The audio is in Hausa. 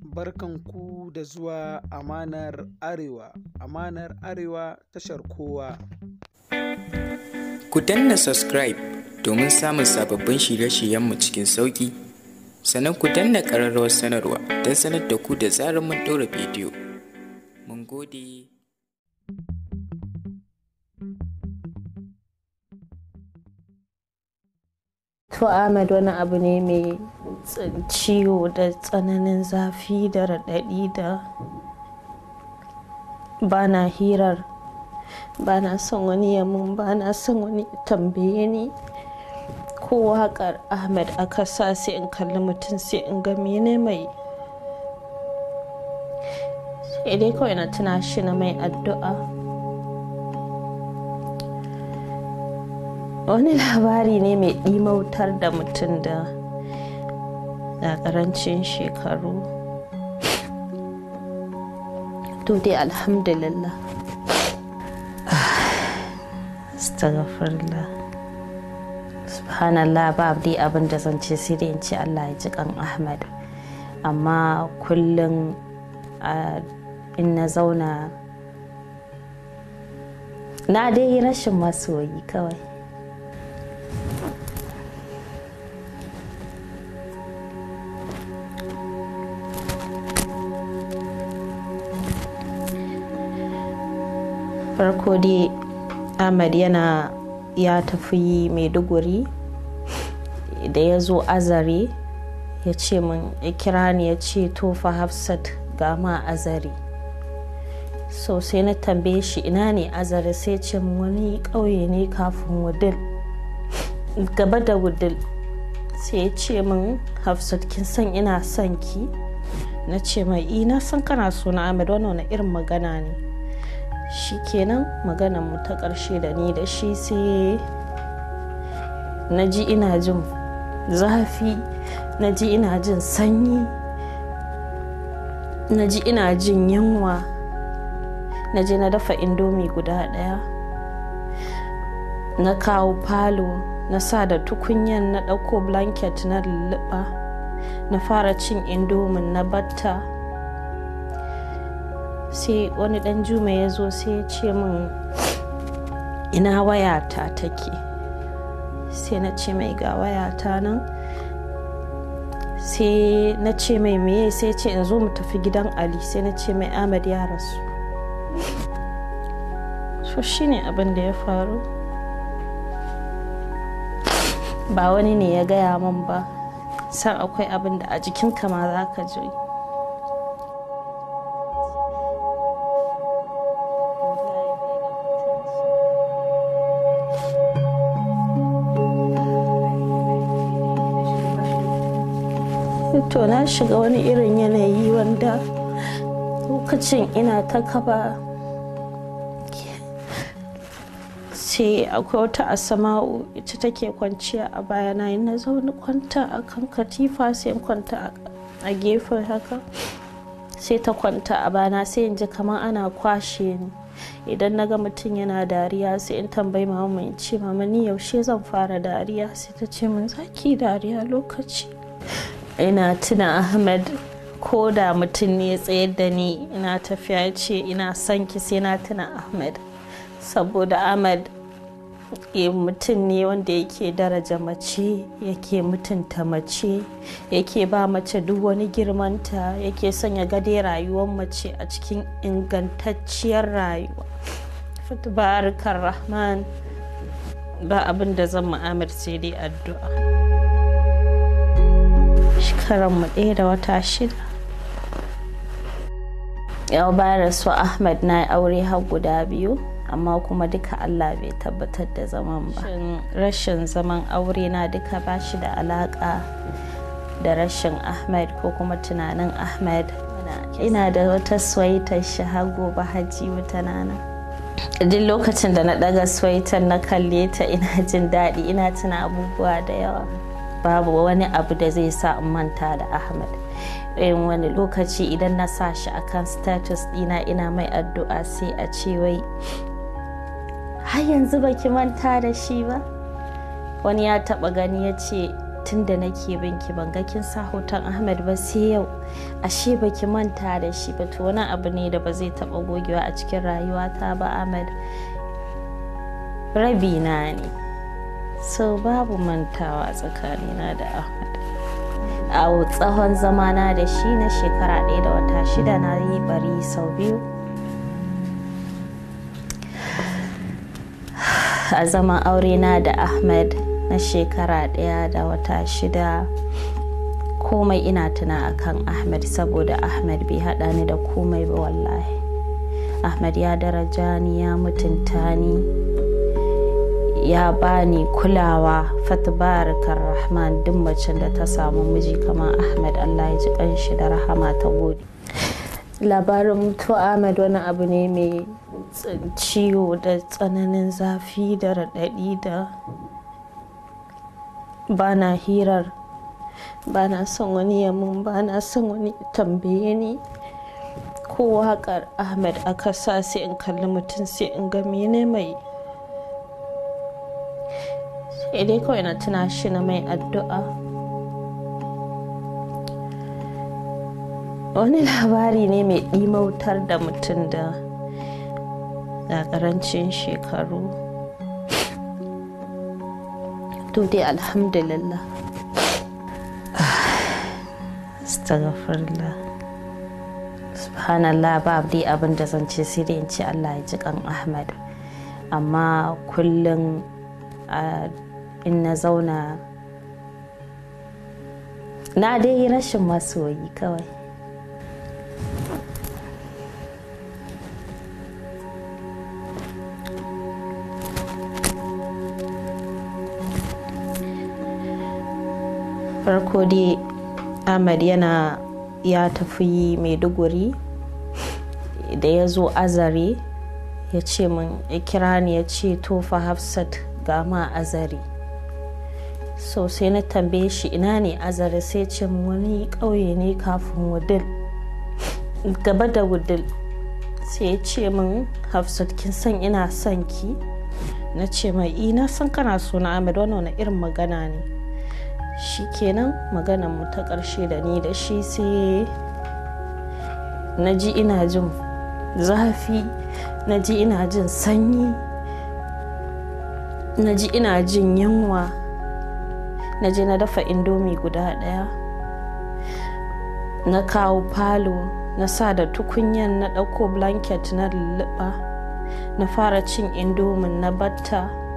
Barkanku da zuwa Amanar Arewa, Amanar Arewa tashar kowa. Ku danna subscribe domin samun sababbin shirye-shiryenmu cikin sauƙi, sannan ku danna ƙararrawar sanarwa don sanar da ku da zarar mun ɗora bidiyo. Mun gode. To Ahmad wani abu ne mai ciwo da tsananin zafi da raɗaɗi da ba na hirar ba na son wani yamin ba na son wani tambaye ni ko waƙar ahmed aka sa sai in kalli mutum sai in ga mene mai sai dai kawai na tuna shi na mai addu'a wani labari ne mai ɗimautar da mutum da da karancin shekaru to dai alhamdulillah astaghfirullah subhanallah ba dai abin da zan ce sai dai in ce Allah ya ji kan Ahmad amma kullum in na zauna na dai rashin masoyi kawai farko dai ahmad yana ya tafi mai duguri da ya zo azare ya ce min ya kira ni ya ce tofa hafsat ga ma azare so sai na tambaye shi ina ne azare sai ce wani ƙauye ne kafin wudil gaba da wudil sai ya ce min hafsat kin san ina son ki na ce mai ina eh, san kana suna ahmad wani irin magana ne shi kenan maganan mu ta ƙarshe da ni da shi sai na ji ina jin zafi na ji ina jin sanyi na ji ina jin yunwa na je na dafa indomi guda ɗaya na kawo falo na sa da tukunyan na ɗauko blanket na lulluɓa na fara cin indomin na batta sai wani dan juma ya zo sai ya ce min ina wayata take sai na ce mai ga wayata nan sai na ce mai meye sai ce in zo mu tafi gidan ali sai na ce mai ahmad ya rasu so shine abin da ya faru ba wani ne ya gaya min ba san akwai abin da a jikinka ma za ka ji to na shiga wani irin yanayi wanda lokacin ina ta kaba ce akwai wata asama'u ita take kwanciya a bayana na zaune kwanta a kan katifa sai kwanta a gefen haka sai ta kwanta a bana sai in ji kamar ana kwashe ni idan na ga mutum yana dariya sai in tambayi mama in ce mama ni yaushe zan fara dariya sai ta ce min zaki dariya lokaci ina tuna ahmed ko da mutum ne tsayar da ni ina tafiya ce ina son ki sai na tuna ahmed saboda ahmed eh, mutum ne wanda yake daraja mace yake mutunta mace yake ba mace duk wani girmanta yake sanya gade rayuwar mace a cikin ingantacciyar rayuwa fatibarkar rahman ba abin da zan mu'amir sai dai addu'a shekaranmu ɗaya da wata shida yau bayar rasu ahmad na aure har guda biyu amma kuma duka allah bai tabbatar da zaman ba rashin zaman aure na duka ba shi da alaƙa da rashin ahmad ko kuma tunanin ahmad ina da wata swaitar shi har gobe hajji mutanana duk lokacin da na ɗaga swaitar na kalle ta ina jin daɗi ina tuna abubuwa da yawa babu wani abu da zai sa in manta da ahmad in wani lokaci idan na sa shi akan status dina ina mai addu'a sai a ce wai har yanzu baki manta da shi ba wani ya taba gani ya ce tun da nake binki ban ga kin sa hoton ahmad ba sai yau ashe baki manta da shi ba to wani abu ne da ba zai taba gogewa a cikin rayuwata ba ahmad rabina ne so babu mantawa tsakanina da ahmad a tsawon zamana da shi na shekara ɗaya da wata shida na yi bari sau biyu a zaman aurena da ahmad na shekara ɗaya da wata shida komai ina tuna akan ahmad saboda ahmad bai haɗa ni da komai ba wallahi ahmad ya daraja ni ya mutunta ni ya bani kulawa fatabarikar rahman duk macen da ta samu miji kamar ahmed allah ya ji kanshi da rahama ta gode labarin mutuwa ahmed wani abu ne mai ciwo da tsananin zafi da raɗaɗi da bana hirar bana son wani yamin bana son wani tambaye ni ko waƙar ahmed aka sa sai in kalli mutum sai in ga mene mai idai eh, kawai na tuna shi na mai addu'a wani labari ne mai ɗimautar da mutum da ƙarancin shekaru to dai alhamdulillah astaghfirullah subhanallah ba dai abin da zan ce sai dai in ci allah ya ji kan ahmad amma kullum a ah, in na zauna na dai rashin masoyi kawai farko dai ahmad yana ya tafi maiduguri da ya zo azare ya ce min ya kira ni ya ce tofa hafsat ga ma azare sosai na tambaye shi ina ne azare sai ce wani ƙauye ne kafin wudil gaba da wudil sai ya ce min hafsat kin san ina son ki na ce mai ina eh, san kana so na amir wani wani irin magana ne shi kenan maganan mu ta ƙarshe da ni da shi sai na ji ina jin zafi na ji ina jin sanyi na ji ina jin yunwa na je na dafa indomi guda ɗaya na kawo falo na sa da tukunyan na ɗauko blanket na lulluɓa na fara cin indomin na batta